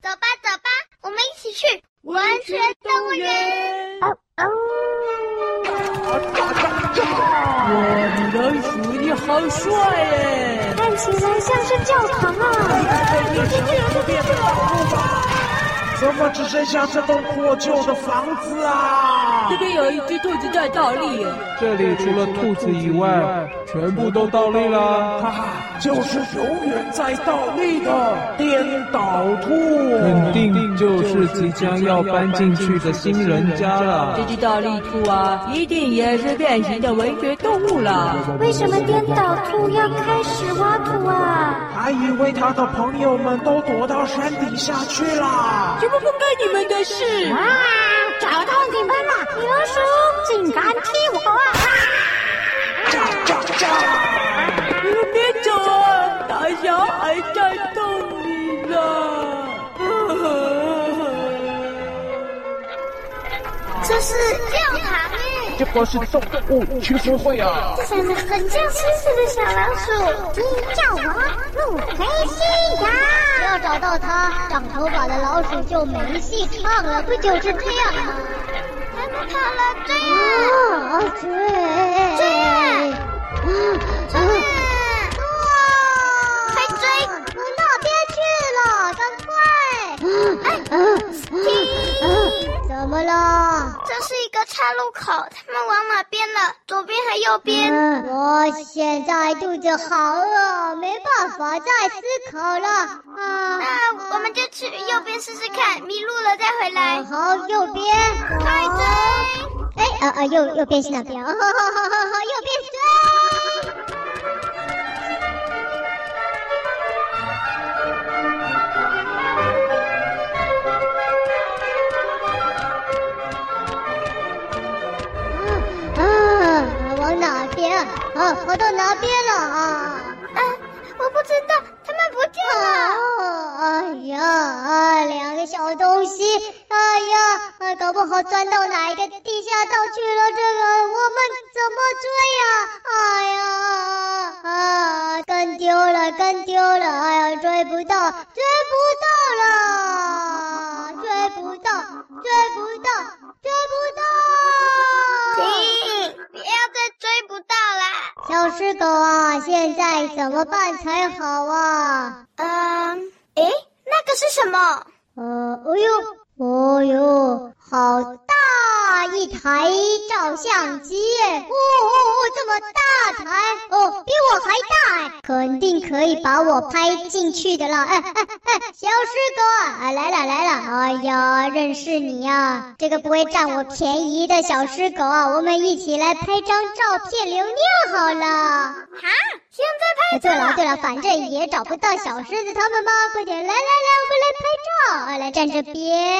走吧，走吧，我們一起去文學動物園。哦哦哦！藍、啊啊啊、你的好帥耶！看起來像是教堂啊！啊啊啊啊啊啊怎麼只剩下這棟破舊的房子啊？這邊有一隻兔子在倒立，啊。這裡除了兔子以外，全部都倒立了。哈哈，啊，就是永遠在倒立的顛倒兔。肯定就是即將要搬進去的新人家了。這隻倒立兔啊，一定也是變形的文學動物了。為什麼顛倒兔要開始挖土啊？還以為他的朋友們都躲到山底下去了。不不干你們的事！哇、啊，找到你們了，牛鼠！竟敢踢我啊！抓抓抓！別抓，大俠還在洞裡啦！啊、這是教堂耶！這是送動物群英會啊！長得很像獅子的小老鼠，你叫我路飛西洋要找到它，長頭髮的老鼠就沒戲了，不就是這樣嗎、啊？還不跑了？追啊！啊！追！追，啊、追！啊！快追！我那邊去了，趕快！啊、哎！啊！停！怎麼了？岔路口，他們往哪邊了？左邊和右邊、嗯？我現在肚子好餓，沒辦法再思考了。嗯、那我們就去右邊試試看，嗯、迷路了再回來。好，右邊，快追、哦！哎，啊、呃、啊，右右邊是哪邊？哈哈哈！哈哈，右邊追。啊，跑到哪邊了啊？哎、啊，我不知道，他們不見了。啊、哎呀、啊，兩個小東西，哎呀、啊，搞不好鑽到哪一個地下道去了這。怎麼辦才好啊？嗯，誒，那個是什麼？呃，哦、哎、呦，哦、哎、呦，好大一台照相機！哦哦哦，這麼大台，哦，比我還大、哎，肯定可以把我拍進去的啦。哎哎哎，小獅狗啊、哎，來了來了！哎呀，認識你呀、啊！這個不會佔我便宜的小獅狗啊，我們一起來拍張照片留念好了。好。現在拍照，對了對了，反正也找不到小獅子他們嗎？快點來來來，我們來拍照，啊，來站這邊，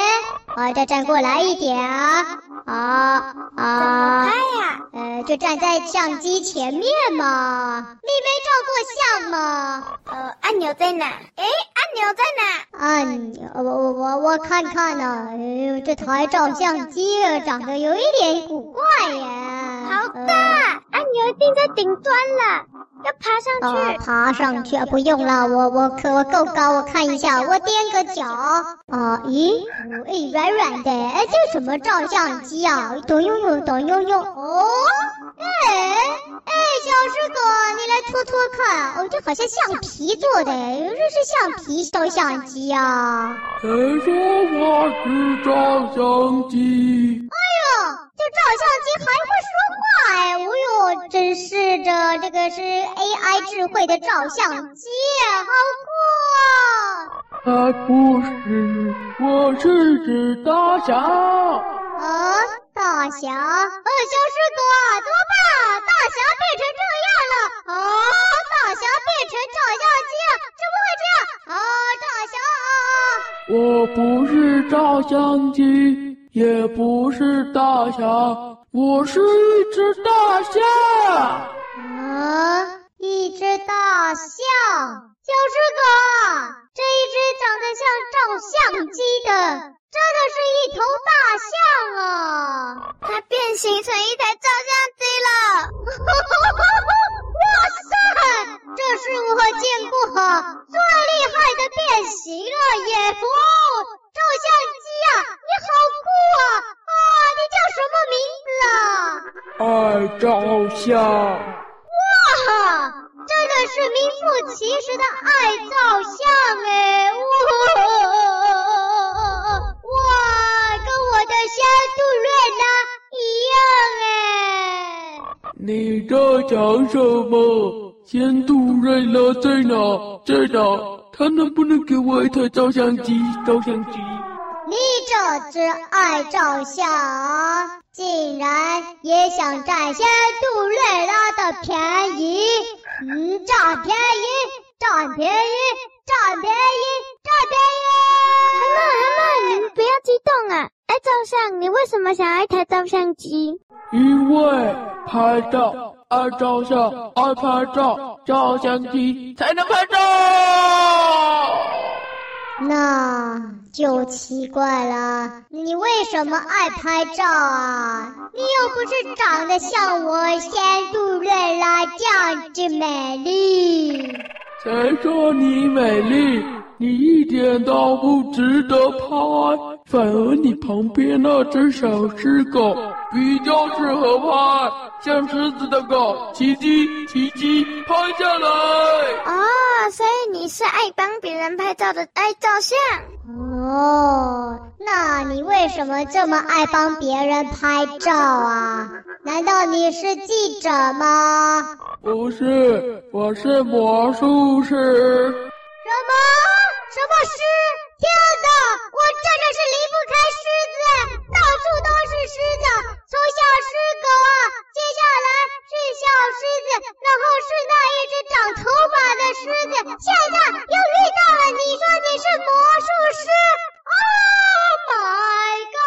啊，再站過來一點啊啊啊！拍、啊、呀？呃，就站在相機前面嘛。你沒照過相嗎？呃，按鈕在哪？誒，按鈕在哪？按鈕，我我我我看看呢，啊。哎呦，這台照相機，啊、長得有一點古怪呀。啊、好的，按鈕定在頂端了。要爬上去？啊，爬上，爬上去？不用了，我我可我夠高，我看一下，我踮個腳。啊，咦、嗯？哎、嗯嗯，軟軟的，哎，這什麼照相機啊？咚用用咚用用哦，哎哎、啊，小師哥，你來拖拖看，哦，這好像橡皮做的，這是橡皮照相機啊？誰說我是照相機？哎喲照相機還會說話哎！哦喲，真是這這個是 AI 智慧的照相機，好酷啊！啊，不是，我是指大俠。啊，大俠！啊，小獅哥，怎麼辦？大俠變成這樣了啊，啊！大俠變成照相機了，啊，怎麼會這樣啊？大俠，啊，我不是照相機。也不是大俠，我是一隻大象。嗯愛照象，哇，真的是名副其實的愛照相哎、哦，哇，跟我的仙杜瑞拉一樣哎。你在講什麼？仙杜瑞拉在哪？在哪？他能不能給我一台照相機？照相機。你這隻愛照象，竟然也想占先杜瑞拉的便宜？嗯，占便宜，占便宜，占便宜，占便宜！啊媽，啊媽，你們不要激動啊！愛照象，你為什麼想要一台照相機？因為拍照，愛照象，愛拍照，照相機才能拍照。那就奇怪了，你為什麼愛拍照啊？你又不是長得像我仙杜瑞拉這樣子美麗。誰說你美麗？你一點都不值得拍。反而你旁邊那隻小獅狗比較適合拍，像獅子的狗，奇蹟奇蹟拍下來。啊、哦，所以你是愛幫別人拍照的，愛、哎、照相。哦，那你為什麼這麼愛幫別人拍照啊？難道你是記者嗎？不是，我是魔術師。什麼？什麼師？獅子，然後是那一隻長頭髮的獅子，現在又遇到了。你說你是魔術師？Oh my God，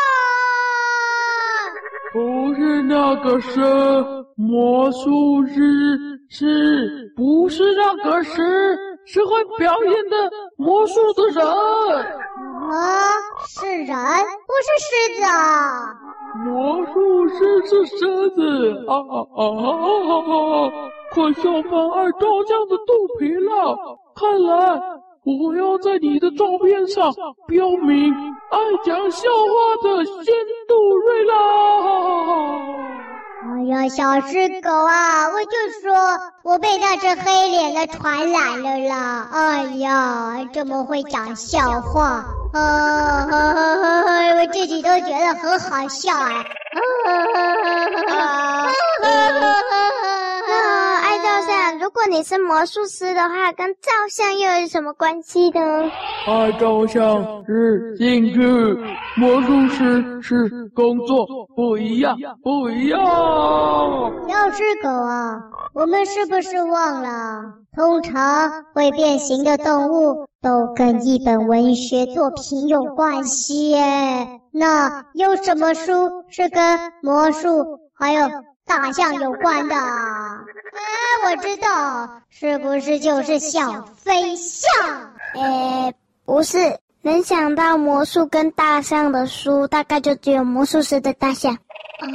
不是那個獅，魔術師是，不是那個獅，是會表演的魔術的人。啊，是人，不是獅子啊。魔術師是獅子啊啊啊啊！啊啊啊，快笑翻愛照象的肚皮了！看來我要在你的照片上標明愛講笑話的仙杜瑞拉。哎呀，小獅狗啊，我就說我被那只黑臉的傳染了啦！哎呀，這麼會講笑話。啊，啊，啊，我自己都覺得很好笑哎，啊，啊啊啊啊啊啊啊！啊啊啊啊啊如果你是魔術師的話，跟照相又有什麼關係呢？啊，照相是興趣，魔術師是工作，不一樣，不一樣。啊，要是狗啊，我們是不是忘了？通常會變形的動物都跟一本文學作品有關係耶。那有什麼書是跟魔術還有？大象有關的，哎，我知道，是不是就是小飛象？哎，不是，能想到魔術跟大象的書，大概就只有魔術師的大象。啊，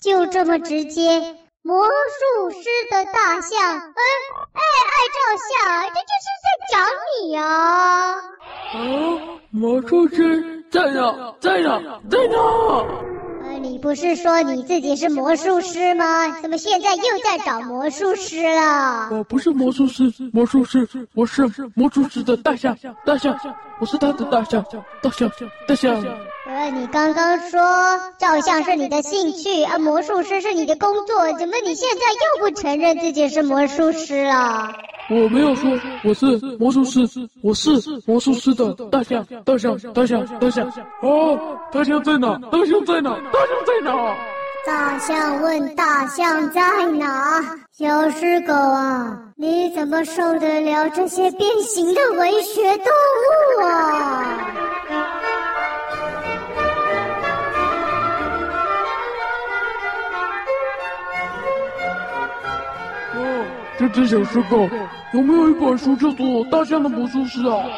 就這麼直接，魔術師的大象，哎哎哎，愛照象，這就是在找你呀。啊！啊，魔術師在呢，在呢，在呢！你不是說你自己是魔術師嗎？怎麼現在又在找魔術師了？我不是魔術師，魔術師，我是魔術師的大象，大象。我是他的大象，大象，大象，大象。我問你剛剛說照相是你的興趣，而、啊、魔術師是你的工作，怎麼你現在又不承認自己是魔術師了？我沒有說我是魔術師，我是魔術師的大象，大象，大象，大象，大象。哦，大象在哪？大象在哪？大象在哪？大象問大象在哪？小獅狗啊，你怎麼受得了這些變形的文學動物啊？哦，這隻小獅狗有沒有一本書叫做《大象的魔術師》啊？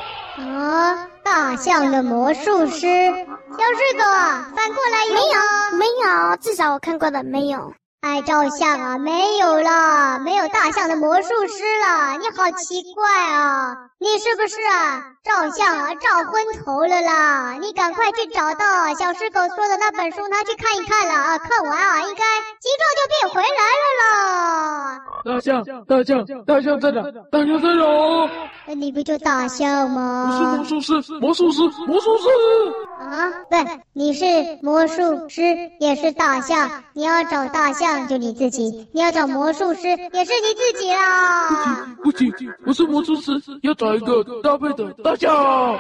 啊、哦，大象的魔術師，小獅狗反過來有沒有？沒有，至少我看過的沒有。愛照象啊，沒有了，沒有大象的魔術師了。你好奇怪啊！你是不是啊？照相啊，照昏頭了啦！你趕快去找到小獅狗說的那本書，拿去看一看啦。啊！看完啊，應該形狀就變回來了啦！大象，大象，大象在哪？大象在哪？你不就大象嗎？我是魔術師，魔術師，魔術師。啊，不，你是魔術師，也是大象。你要找大象就你自己，你要找魔術師也是你自己啦。不急不急，我是魔術師，要找。來個搭配的大相。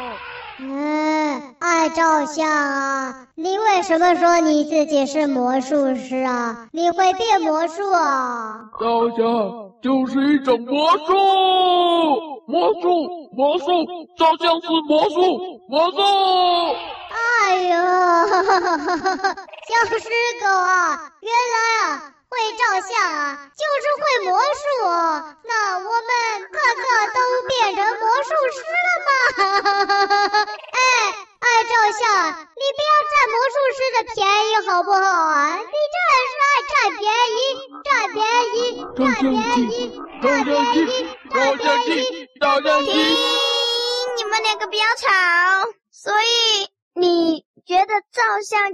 嗯，愛照相啊？你為什麼說你自己是魔術師啊？你會變魔術啊？照相就是一種魔術，魔術，魔術，魔術，照相是魔術，魔術。哎呦，僵屍狗啊，原來啊會照相啊，就是會魔術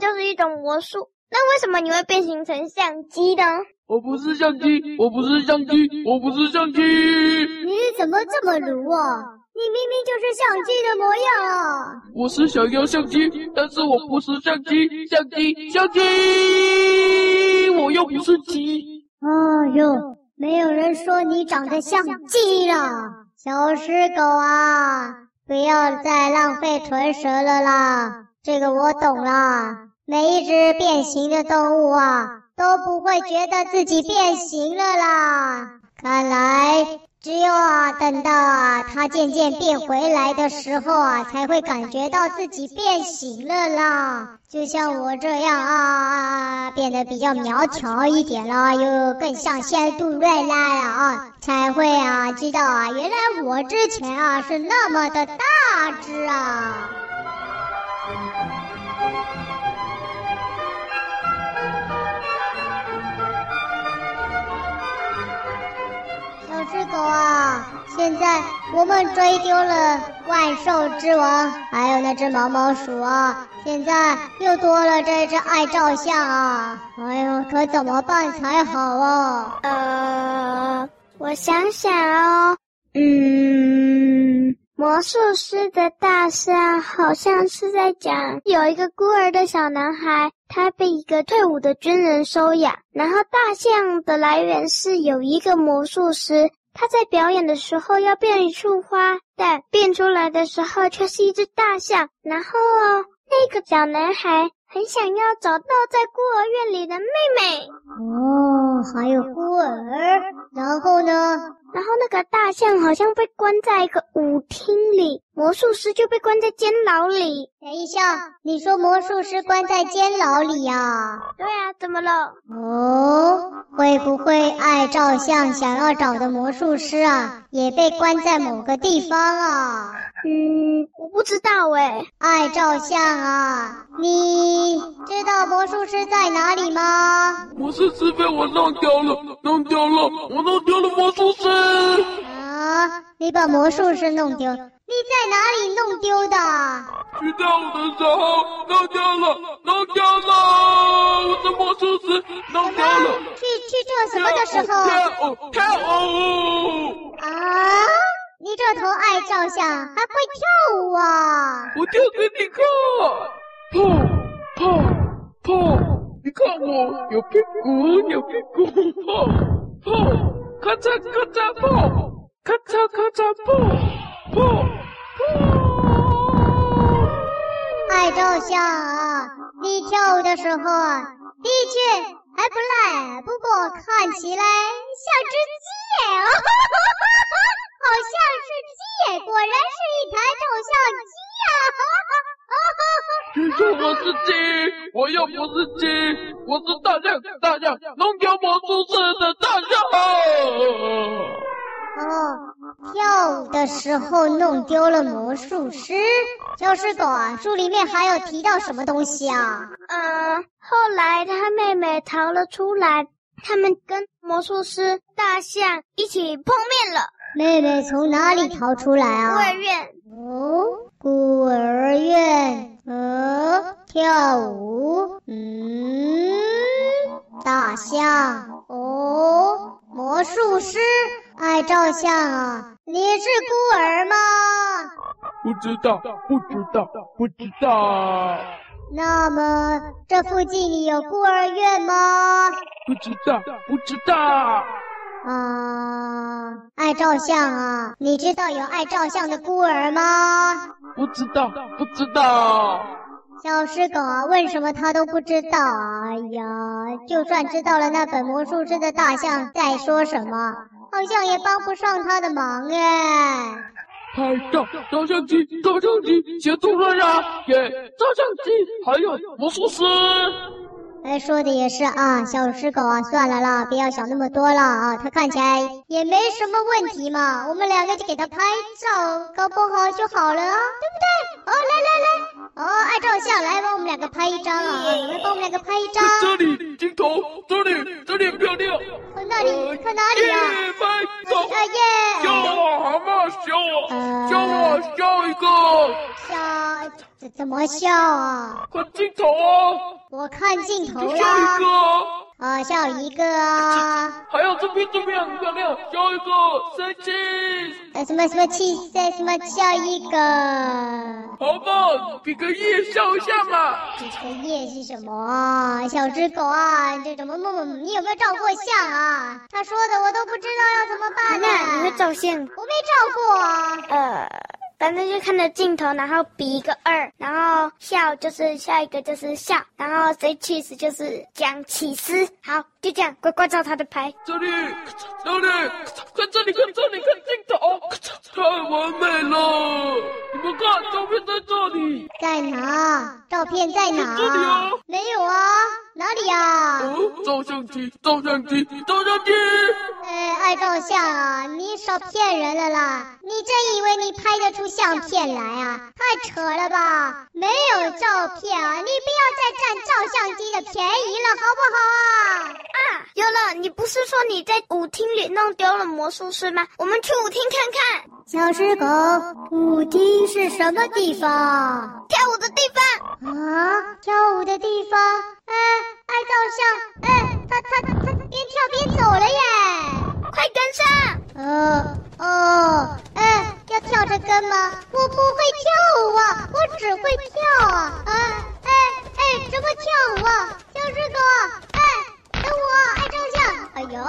就是一種魔術，那為什麼你會變形成相機呢？我不是相機，我不是相機，我不是相機。你怎麼這麼盧啊？你明明就是相機的模樣啊！我是想要相機，但是我不是相機，相機相機，相機，我又不是雞。哎呦，沒有人說你長得像雞了，小獅狗啊，不要再浪費唇舌了啦。這個我懂啦。每一隻變形的動物啊，都不會覺得自己變形了啦。看來只有啊，等到啊，它漸漸變回來的時候啊，才會感覺到自己變形了啦。就像我這樣啊，啊，變得比較苗條一點啦，又更像仙杜瑞拉了啊，才會啊，知道啊，原來我之前啊，是那麼的大隻啊。現在我們追丟了萬獸之王，還有那只毛毛鼠啊！現在又多了這只愛照象啊！哎呦，可怎麼辦才好啊？呃，我想想哦，嗯，魔術師的大象好像是在講有一個孤兒的小男孩，他被一個退伍的軍人收養，然後大象的來源是有一個魔術師。他在表演的時候要變一束花，但變出來的時候卻是一只大象。然後那個小男孩很想要找到在孤兒院裡的妹妹。哦，還有孤兒。然後呢？然後那個大象好像被關在一個舞廳裡，魔術師就被關在監牢裡。等一下，你說魔術師關在監牢裡呀？對呀，怎麼了？哦，會不會愛照象想要找的魔術師啊，也被關在某個地方啊？嗯，我不知道哎。愛照象啊，你知道魔術師在哪裡嗎？魔術師被我弄掉了，弄掉了，我弄掉了魔術師啊。啊！你把魔術師弄丟，你在哪裡弄丟的？去跳舞的時候弄掉了，弄掉了，我的魔術師弄掉了。掉了掉了，去去做什麼的時候？跳舞跳舞。哦哦哦、啊！你這頭愛照象，還會跳舞啊？我跳給你看。跑跑跑！你看我有屁股，有屁股。咔嚓咔嚓破，咔嚓咔嚓破，破破！愛豆蝦，你跳舞的時候的確還不賴，不過看起來像隻雞，哈哈哈哈，好像是雞，果然是一台照相機呀，啊，哈哈。哈哈哈我是雞，我又不是雞，我是大象，大象，弄丟魔術師的大象。哦，跳舞的時候弄丟了魔術師，僵、就、屍、是、狗啊，書裡面還有提到什麼東西啊？嗯、呃，後來他妹妹逃了出來，他們跟魔術師、大象一起碰面了。妹妹從哪裡逃出來啊？孤兒院。哦，孤兒院。哦、啊，跳舞。嗯，大象。哦，魔術師愛照象啊。你是孤兒嗎？不知道，不知道，不知道。那麼，這附近你有孤兒院嗎？不知道，不知道。啊，愛照象啊！你知道有愛照相的孤兒嗎？不知道，不知道。小獅狗，啊，為什麼他都不知道啊？哎呀，就算知道了，那本魔術師的大象在說什麼，好像也幫不上他的忙哎。拍照，照相機，照相機，寫作了呀！給照相機，還有魔術師。哎，說的也是啊，小獅狗啊，算了啦，不要想那麼多了啊，它看起來也沒什麼問題嘛，我們兩個就給它拍照，搞不好就好了啊，對不對？哦，來來來，哦，愛照象，來幫我們兩個拍一張啊，來幫我們兩個拍一張。這裡鏡頭，這裡，這裡很漂亮。看、哦、那裡？看哪裡啊？耶拍照、啊，笑我好嗎？笑我，笑一個。笑。怎麼笑啊？看鏡頭、啊！我看鏡頭笑一個啊！啊、呃，笑一個、啊！還有這邊這邊這邊笑一個，生氣！什麼什麼氣什麼笑一個？好棒！比個耶笑一下嘛！這個耶是什麼？小只狗啊？這怎麼麼？你有沒有照過相啊？他說的我都不知道要怎麼辦、啊。奶奶、啊，你會照相？我沒照過。呃。反正就看着鏡頭，然後比一個二，然後笑就是下一個就是笑，然後誰起死就是講起司。好，就這樣，乖乖照他的牌，這裡，這裡，看這裡，看這裡，看鏡頭，太完美了！你們看，照片在這裡，在哪？照片在哪？在這裡啊！沒有啊。哪裡呀？哦，照相機，照相機，照相機！哎，愛照相啊！你少騙人了啦！你真以為你拍得出相片來啊？太扯了吧！沒有照片啊！你不要再佔照相機的便宜了，好不好？啊，啊。有了，你不是說你在舞廳裡弄丟了魔術師嗎？我們去舞廳看看。小獅狗，舞廳是什麼地方？跳舞的地方。啊，跳舞的地方。嗯、哎，愛照象。嗯、哎，他他他，他邊跳邊走了耶。快跟上。哦哦、呃，嗯、呃哎，要跳着跟嗎？我不會跳舞啊，我只會跳啊。哎哎哎，怎麼跳舞啊？小獅狗。哎，等我，愛照象。哎呦呀！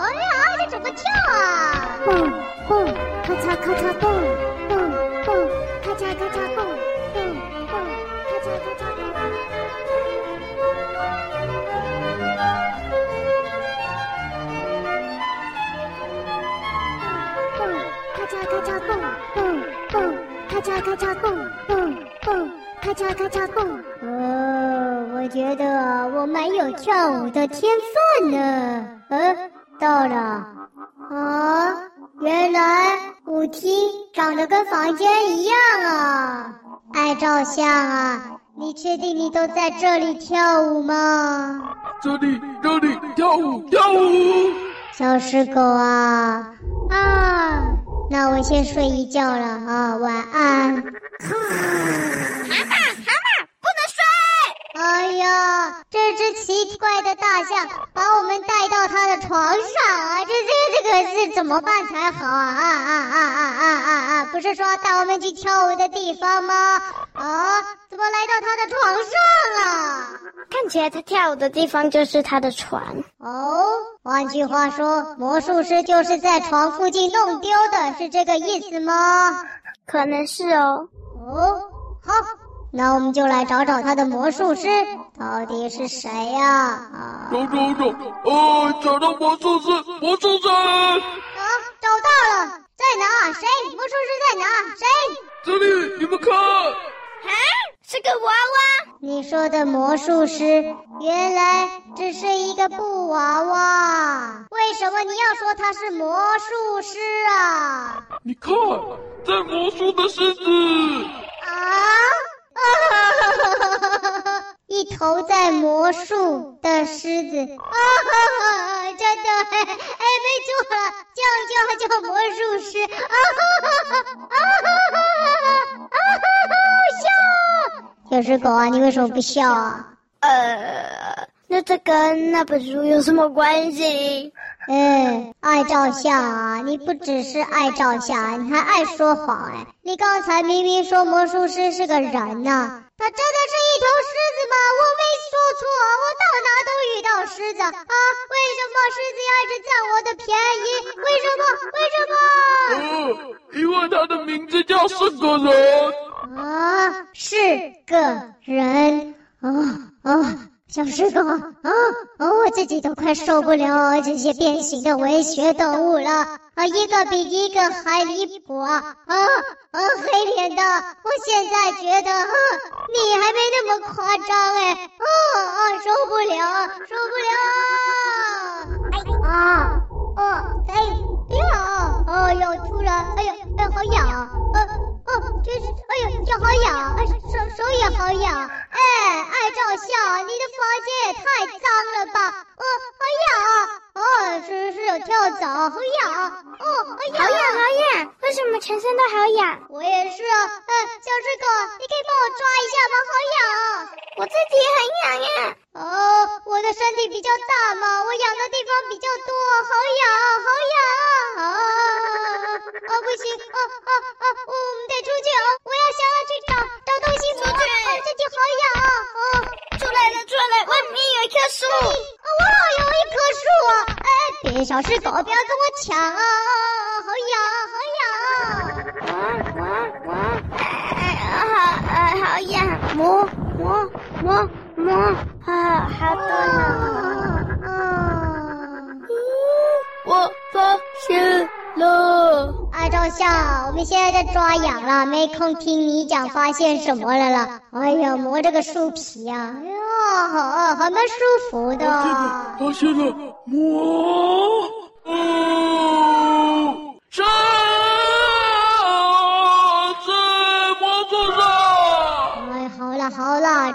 這怎麼跳啊？蹦蹦，咔嚓咔嚓蹦蹦蹦，咔嚓咔嚓蹦蹦蹦，咔嚓咔嚓蹦蹦蹦，咔嚓咔嚓蹦蹦蹦，咔嚓咔嚓蹦。我覺得我沒有跳舞的天分呢。嗯，到了。啊，原來舞廳長得跟房間一樣啊！愛照象啊？你確定你都在這裡跳舞嗎？這裡，這裡，跳舞，跳舞。小獅狗啊啊！那我先睡一覺了啊，晚安。 哎呀，這隻奇怪的大象把我們帶到它的床上啊！這這這可是怎麼辦才好啊啊啊啊啊啊啊！不是說帶我們去跳舞的地方嗎？啊，怎麼來到他的床上了？看起來他跳舞的地方就是他的床哦。換句話說，魔術師就是在床附近弄丟的，是這個意思嗎？可能是哦。哦，好。那我們就來找找他的魔術師到底是誰呀？找找找啊！找到魔術師，魔術師！啊、哦，啊、找到了，在哪、啊？誰？魔術師在哪、啊？誰？啊啊啊、這裡，你們看，啊，是個娃娃。你說的魔術師，原來只是一個布娃娃。為什麼你要說他是魔術師啊？你看，在魔術的獅子。一頭在魔術的獅子啊！哈哈、哦、真的，哎哎，沒錯了，叫叫叫魔術師啊！啊哈哈啊哈哈啊哈哈笑、哦！有隻狗啊，你為什麼不笑啊？呃，那這個跟那本書有什麼關係？哎、嗯，愛照象啊！你不只是愛照象，你還愛說謊哎！你剛才明明說魔術師是個人呢、啊，他真的是一頭獅子嗎？我沒說錯，我到哪都遇到獅子啊！為什麼獅子要一直占我的便宜？為什麼？為什麼？哦、因為他的名字叫是個人啊，是個人啊啊！啊小師哥啊、哦，我自己都快受不了這些變形的文學動物了啊，一個比一個還離譜啊啊！黑臉的，我現在覺得啊，你還沒那麼誇張哎啊啊，受不了，受不了！不了啊啊哎呀！哎喲、哎、突然哎呀，哎，呦哎，哎好癢啊！就是、哦，哎呀，腳好癢，手手也好癢，哎，愛照象，你的房間也太髒了吧，哦，好癢、啊，哦，是是有跳蚤，好癢，哦，好癢，好癢。好癢為什麼全身都好癢？我也是啊，嗯、哎，小只狗，你可以幫我抓一下嗎？好癢、啊！我自己很癢呀。哦，我的身體比較大嘛，我癢的地方比較多，好癢、啊，好癢啊。啊啊不行，啊啊啊，我們得出去哦、啊，我要想要去找找東西。出去我、哦！自己好癢、啊。哦、啊，出來了，出來了，外面有一棵樹。哦、哎，我好有一棵樹啊！哎，別小隻狗，不要跟我搶，好癢、啊，好癢、啊。好癢好癢，摸摸摸摸，好好多啊。啊，啊，啊，我發現了。哎、啊，照象，我們現在在抓癢了，沒空聽你講發現什麼了了。哎呀，摸這個樹皮呀、啊，哎、啊、呀，好、啊，還蠻舒服的。發現了、啊，摸、嗯。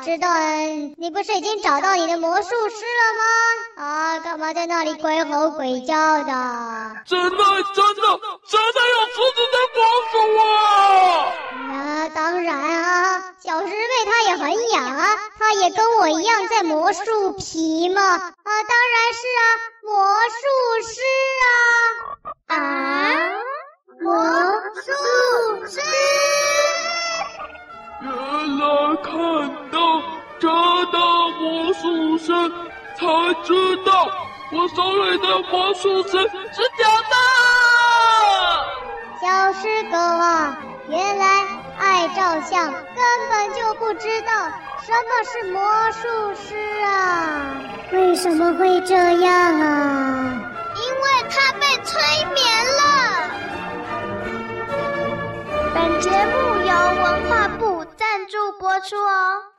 知道，你不是已經找到你的魔術師了嗎？啊，幹嘛在那裡鬼吼鬼叫的？真的真的，真的要出去當保姆啊？啊，當然啊，小師妹她也很癢啊，她也跟我一樣在磨樹皮嘛。啊，當然是啊，魔術師啊，啊，魔術師。原來看到真的魔術師，才知道我手裡的魔術師是假的。小獅狗啊，原來愛照象，根本就不知道什麼是魔術師啊！為什麼會這樣啊？因為他被催眠了。本節目助播出哦！